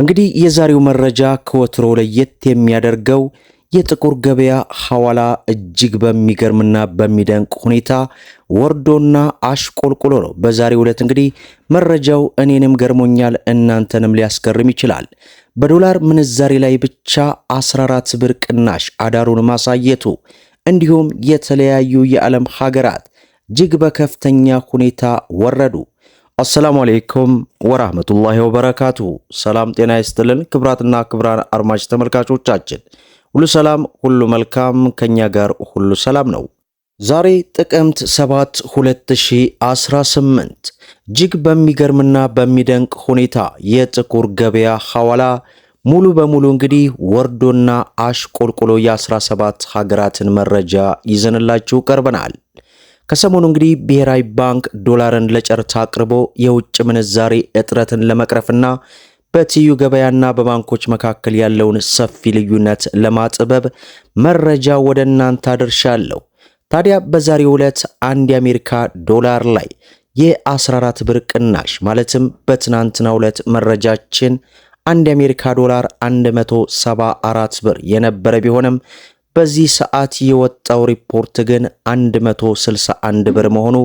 እንግዲህ የዛሬው መረጃ ከወትሮ ለየት የሚያደርገው የጥቁር ገበያ ሐዋላ እጅግ በሚገርምና በሚደንቅ ሁኔታ ወርዶና አሽቆልቁሎ ነው። በዛሬው ዕለት እንግዲህ መረጃው እኔንም ገርሞኛል፣ እናንተንም ሊያስገርም ይችላል። በዶላር ምንዛሬ ላይ ብቻ 14 ብር ቅናሽ አዳሩን ማሳየቱ እንዲሁም የተለያዩ የዓለም ሀገራት እጅግ በከፍተኛ ሁኔታ ወረዱ። አሰላሙ አሌይኩም ወራህመቱላሂ ወበረካቱሁ። ሰላም ጤና ይስጥልን። ክብራትና ክብራን አድማጭ ተመልካቾቻችን ሁሉ ሰላም፣ ሁሉ መልካም፣ ከኛ ጋር ሁሉ ሰላም ነው። ዛሬ ጥቅምት 7 2018 እጅግ በሚገርምና በሚደንቅ ሁኔታ የጥቁር ገበያ ሐዋላ ሙሉ በሙሉ እንግዲህ ወርዶና አሽቆልቆሎ የ17 ሀገራትን መረጃ ይዘንላችሁ ቀርበናል። ከሰሞኑ እንግዲህ ብሔራዊ ባንክ ዶላርን ለጨርታ አቅርቦ የውጭ ምንዛሬ እጥረትን ለመቅረፍና በትዩ ገበያና በባንኮች መካከል ያለውን ሰፊ ልዩነት ለማጥበብ መረጃ ወደ እናንተ አድርሻለሁ። ታዲያ በዛሬው ዕለት አንድ የአሜሪካ ዶላር ላይ የ14 ብር ቅናሽ ማለትም በትናንትናው ዕለት መረጃችን አንድ የአሜሪካ ዶላር 174 ብር የነበረ ቢሆንም በዚህ ሰዓት የወጣው ሪፖርት ግን 161 ብር መሆኑ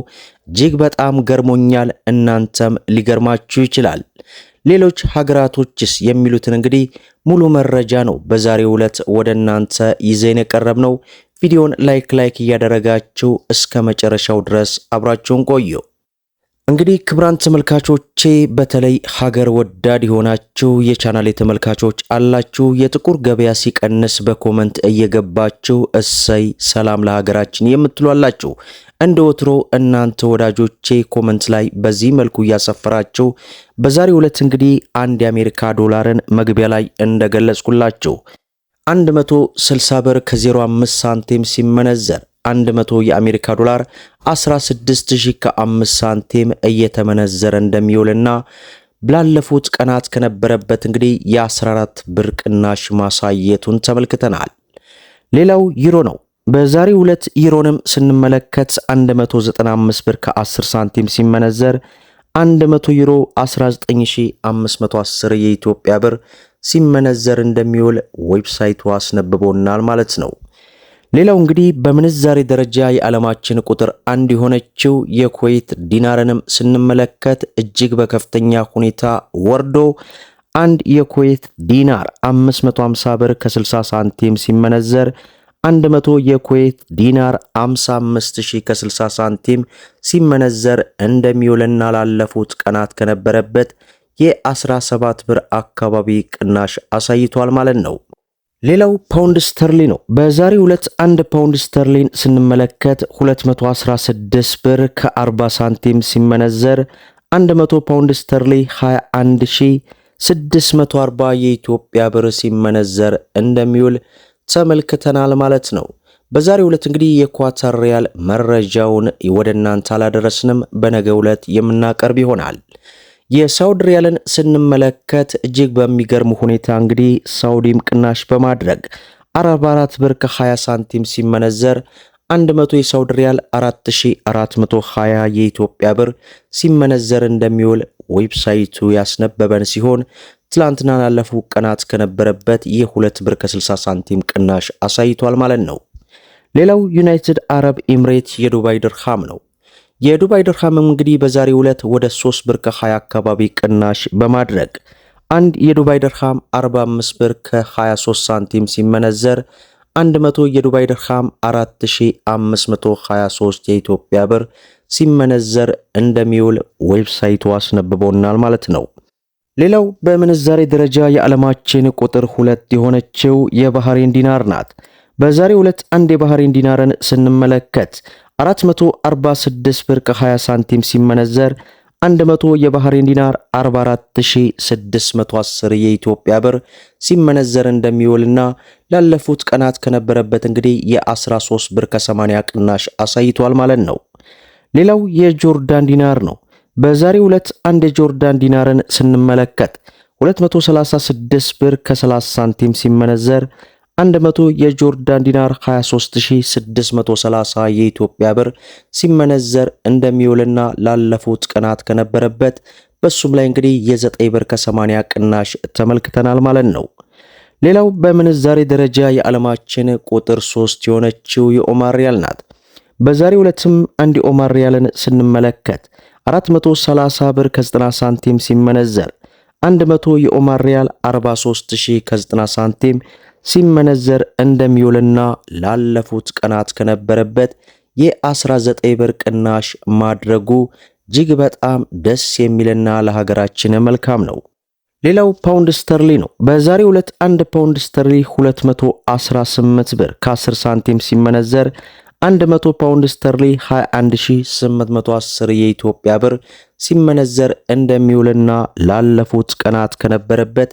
እጅግ በጣም ገርሞኛል። እናንተም ሊገርማችሁ ይችላል። ሌሎች ሀገራቶችስ የሚሉትን እንግዲህ ሙሉ መረጃ ነው በዛሬው ዕለት ወደ እናንተ ይዘን የቀረብነው። ቪዲዮን ላይክ ላይክ እያደረጋችሁ እስከ መጨረሻው ድረስ አብራችሁን ቆየው። እንግዲህ ክብራን ተመልካቾቼ በተለይ ሀገር ወዳድ የሆናችሁ የቻናሌ ተመልካቾች አላችሁ። የጥቁር ገበያ ሲቀንስ በኮመንት እየገባችሁ እሰይ ሰላም ለሀገራችን የምትሉ አላችሁ። እንደ ወትሮ እናንተ ወዳጆቼ ኮመንት ላይ በዚህ መልኩ እያሰፈራችሁ፣ በዛሬ ዕለት እንግዲህ አንድ የአሜሪካ ዶላርን መግቢያ ላይ እንደገለጽኩላችሁ 160 ብር ከ05 ሳንቲም ሲመነዘር 100 የአሜሪካ ዶላር 16000 ከ5 ሳንቲም እየተመነዘረ እንደሚውልና ላለፉት ቀናት ከነበረበት እንግዲህ የ14 ብር ቅናሽ ማሳየቱን ተመልክተናል። ሌላው ዩሮ ነው። በዛሬው ዕለት ዩሮንም ስንመለከት 195 ብር ከ10 ሳንቲም ሲመነዘር 100 ዩሮ 19510 የኢትዮጵያ ብር ሲመነዘር እንደሚውል ዌብሳይቱ አስነብቦናል ማለት ነው። ሌላው እንግዲህ በምንዛሬ ደረጃ የዓለማችን ቁጥር አንድ የሆነችው የኩዌት ዲናርንም ስንመለከት እጅግ በከፍተኛ ሁኔታ ወርዶ አንድ የኩዌት ዲናር 550 ብር ከ60 ሳንቲም ሲመነዘር 100 የኩዌት ዲናር 55000 ከ60 ሳንቲም ሲመነዘር እንደሚውልና ላለፉት ቀናት ከነበረበት የ17 ብር አካባቢ ቅናሽ አሳይቷል ማለት ነው። ሌላው ፓውንድ ስተርሊ ነው። በዛሬው ዕለት አንድ ፓውንድ ስተርሊን ስንመለከት 216 ብር ከ40 ሳንቲም ሲመነዘር 100 ፓውንድ ስተርሊ 21640 የኢትዮጵያ ብር ሲመነዘር እንደሚውል ተመልክተናል ማለት ነው። በዛሬው ዕለት እንግዲህ የኳታር ሪያል መረጃውን ወደ እናንተ አላደረስንም፣ በነገው ዕለት የምናቀርብ ይሆናል። የሳውዲ ሪያልን ስንመለከት እጅግ በሚገርም ሁኔታ እንግዲህ ሳውዲም ቅናሽ በማድረግ 44 ብር ከ20 ሳንቲም ሲመነዘር 100 የሳውዲ ሪያል 4420 የኢትዮጵያ ብር ሲመነዘር እንደሚውል ዌብሳይቱ ያስነበበን ሲሆን ትላንትና ላለፉ ቀናት ከነበረበት የ2 ብር ከ60 ሳንቲም ቅናሽ አሳይቷል ማለት ነው። ሌላው ዩናይትድ አረብ ኤምሬት የዱባይ ድርሃም ነው። የዱባይ ድርሃም እንግዲህ በዛሬ ዕለት ወደ 3 ብር ከ20 አካባቢ ቅናሽ በማድረግ አንድ የዱባይ ድርሃም 45 ብር ከ23 ሳንቲም ሲመነዘር 100 የዱባይ ድርሃም 4523 የኢትዮጵያ ብር ሲመነዘር እንደሚውል ዌብሳይቱ አስነብቦናል ማለት ነው። ሌላው በምንዛሬ ደረጃ የዓለማችን ቁጥር ሁለት የሆነችው የባህሬን ዲናር ናት። በዛሬው ዕለት አንድ የባህሬን ዲናርን ስንመለከት 446 ብር ከ20 ሳንቲም ሲመነዘር 100 የባህሬን ዲናር 44610 የኢትዮጵያ ብር ሲመነዘር እንደሚውልና ላለፉት ቀናት ከነበረበት እንግዲህ የ13 ብር ከ80 ቅናሽ አሳይቷል ማለት ነው። ሌላው የጆርዳን ዲናር ነው። በዛሬው ዕለት አንድ የጆርዳን ዲናርን ስንመለከት 236 ብር ከ30 ሳንቲም ሲመነዘር 100 የጆርዳን ዲናር 23630 የኢትዮጵያ ብር ሲመነዘር እንደሚውልና ላለፉት ቀናት ከነበረበት በሱም ላይ እንግዲህ የ9 ብር ከ80 ቅናሽ ተመልክተናል ማለት ነው። ሌላው በምንዛሬ ደረጃ የዓለማችን ቁጥር 3 የሆነችው የኦማር ሪያል ናት። በዛሬው ዕለትም አንድ የኦማር ሪያልን ስንመለከት 430 ብር ከ90 ሳንቲም ሲመነዘር 100 የኦማር ሪያል 43090 ሳንቲም ሲመነዘር እንደሚውልና ላለፉት ቀናት ከነበረበት የ19 ብር ቅናሽ ማድረጉ እጅግ በጣም ደስ የሚልና ለሀገራችን መልካም ነው። ሌላው ፓውንድ ስተርሊ ነው። በዛሬው ዕለት አንድ ፓውንድ ስተርሊ 218 ብር ከ10 ሳንቲም ሲመነዘር 100 ፓውንድ ስተርሊ 21810 የኢትዮጵያ ብር ሲመነዘር እንደሚውልና ላለፉት ቀናት ከነበረበት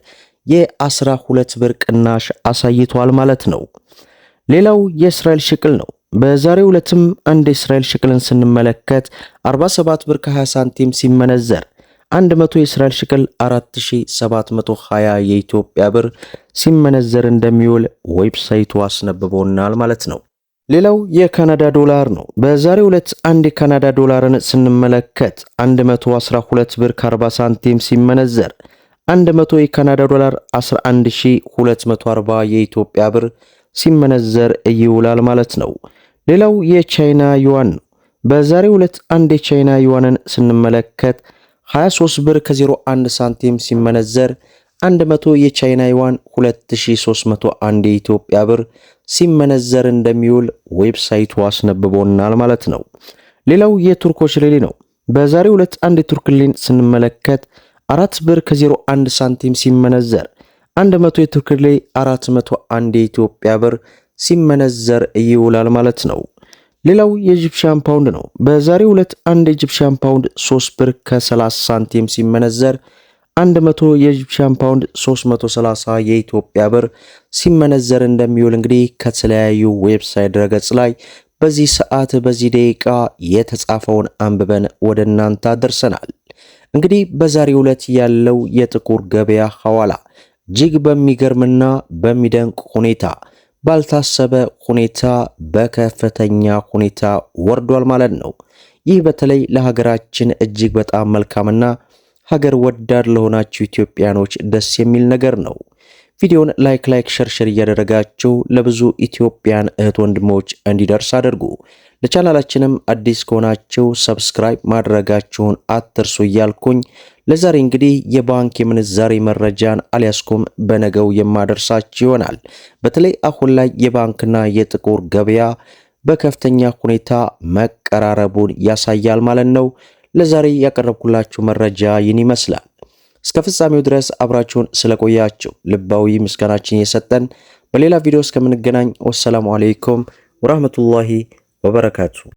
የ12 ብር ቅናሽ አሳይቷል ማለት ነው። ሌላው የእስራኤል ሽቅል ነው። በዛሬው ዕለትም አንድ የእስራኤል ሽቅልን ስንመለከት 47 ብር ከ20 ሳንቲም ሲመነዘር 100 የእስራኤል ሽቅል 4720 የኢትዮጵያ ብር ሲመነዘር እንደሚውል ዌብሳይቱ አስነብቦናል ማለት ነው። ሌላው የካናዳ ዶላር ነው። በዛሬው ዕለት አንድ የካናዳ ዶላርን ስንመለከት 112 ብር ከ40 ሳንቲም ሲመነዘር 100 የካናዳ ዶላር 11240 የኢትዮጵያ ብር ሲመነዘር ይውላል ማለት ነው። ሌላው የቻይና ዩዋን ነው። በዛሬው ዕለት አንድ የቻይና ዩዋንን ስንመለከት 23 ብር ከ01 ሳንቲም ሲመነዘር 100 የቻይና ዩዋን 2301 የኢትዮጵያ ብር ሲመነዘር እንደሚውል ዌብሳይቱ አስነብቦናል ማለት ነው። ሌላው የቱርኮች ሌሊ ነው። በዛሬ ሁለት አንድ የቱርክ ሊን ስንመለከት 4 ብር ከ01 ሳንቲም ሲመነዘር 100 የቱርክ ሊራ 401 የኢትዮጵያ ብር ሲመነዘር ይውላል ማለት ነው። ሌላው የኢጂፕሽያን ፓውንድ ነው። በዛሬው ዕለት አንድ የኢጂፕሽያን ፓውንድ 3 ብር ከ30 ሳንቲም ሲመነዘር 100 የኢጂፕሽያን ፓውንድ 330 የኢትዮጵያ ብር ሲመነዘር እንደሚውል እንግዲህ ከተለያዩ ዌብሳይት ድረገጽ ላይ በዚህ ሰዓት በዚህ ደቂቃ የተጻፈውን አንብበን ወደ እናንተ አድርሰናል። እንግዲህ በዛሬው ዕለት ያለው የጥቁር ገበያ ሐዋላ እጅግ በሚገርምና በሚደንቅ ሁኔታ ባልታሰበ ሁኔታ በከፍተኛ ሁኔታ ወርዷል ማለት ነው። ይህ በተለይ ለሀገራችን እጅግ በጣም መልካምና ሀገር ወዳድ ለሆናችሁ ኢትዮጵያኖች ደስ የሚል ነገር ነው። ቪዲዮን ላይክ ላይክ ሸርሸር እያደረጋችሁ ለብዙ ኢትዮጵያን እህት ወንድሞች እንዲደርስ አድርጉ። ለቻናላችንም አዲስ ከሆናችሁ ሰብስክራይብ ማድረጋችሁን አትርሱ እያልኩኝ ለዛሬ እንግዲህ የባንክ የምንዛሬ መረጃን አሊያስኩም በነገው የማደርሳችሁ ይሆናል። በተለይ አሁን ላይ የባንክና የጥቁር ገበያ በከፍተኛ ሁኔታ መቀራረቡን ያሳያል ማለት ነው። ለዛሬ ያቀረብኩላችሁ መረጃ ይህን ይመስላል። እስከ ፍጻሜው ድረስ አብራችሁን ስለቆያችሁ ልባዊ ምስጋናችን የሰጠን፣ በሌላ ቪዲዮ እስከምንገናኝ ወሰላሙ አሌይኩም ወራህመቱላሂ ወበረካቱ።